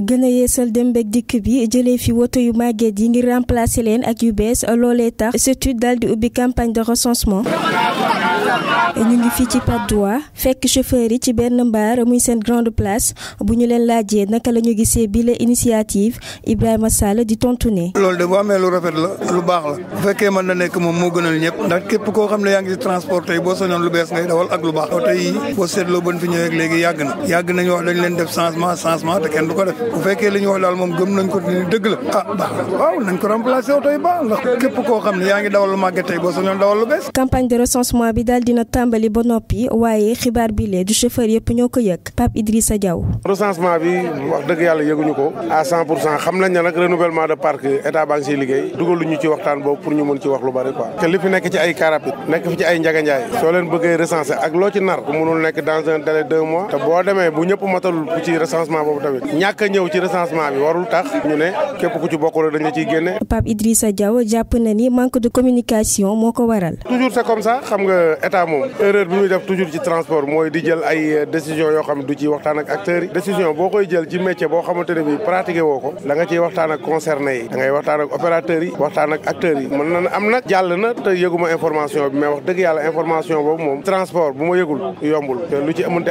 gën a yeesal dem beeg dikk bi jëlee fi woto yu màgget yi ngir remplacer leen ak yu bees loolee tax surtout daal di ubbi campagne de recensement. ñu ngi fii ci Patte d'Oie fekk chauffeur yi ci benn mbaar muy seen grande place bu ñu leen laajee naka la ñu gisee bi la initiative a Sall di tontu ne. loolu de bu amee lu rafet la lu baax la bu fekkee mën na nekk moom moo gënal ñëpp ndax képp koo xam ne yaa ngi ci transport tey boo sañoon lu bees ngay dawal ak lu oto yi boo seetloo ba fi ñëwee léegi yàgg na yàgg leen def changement changement te kenn bu fekkee li ñu wax daal moom gëm nañ ko ni dëgg la ah waaw nañ ko remplacer oto yi baax ndax képp koo xam ne yaa ngi dawal lu màgget tey boo sañoon dawal lu bees. campagne de recensement bi daal dina tàmbali ba noppi waaye xibaar bi lee du chauffeur yëpp ñoo ko yëg Pape Idrissa Diaw. recensement bi wax dëgg yàlla yëguñu ko à 100 pour cent xam nañ ne nag renouvellement de parc état baa ngi liggéey dugalu ñu ci waxtaan boobu pour ñu mën ci wax lu ñëw ci recensement bi warul tax ñu ne képp ku ci bokkul dañ la ciy génne. Pape Idrissa Diaw jàpp na ni manque de communication moo ko waral. toujours c'est comme ça xam nga état moom erreur bi muy def toujours ci transport mooy di jël ay décision yoo xam du ci waxtaan ak acteurs yi décision boo koy jël ci métier boo xamante ne bii woo ko da nga waxtaan ak concerné yi da waxtaan ak opérateurs yi waxtaan ak acteurs yi mën na am nag jàll na te yëguma information bi mais wax dëgg yàlla information boobu moom transport bu ma yëgul yombul te lu ci mënti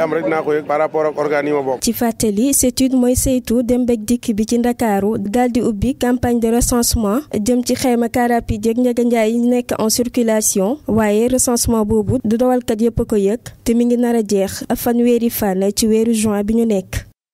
saytu dem ak dikk bi ci ndakaaru daal di ubbi campagne de recensement jëm ci xayma car rapide yeeg njaganjaay yi nekk en circulation waaye recensement boobu du dawalkat yëpp a ko yëg te mi ngi nar a jeex fanweeri fan ci weeru juin bi ñu nekk.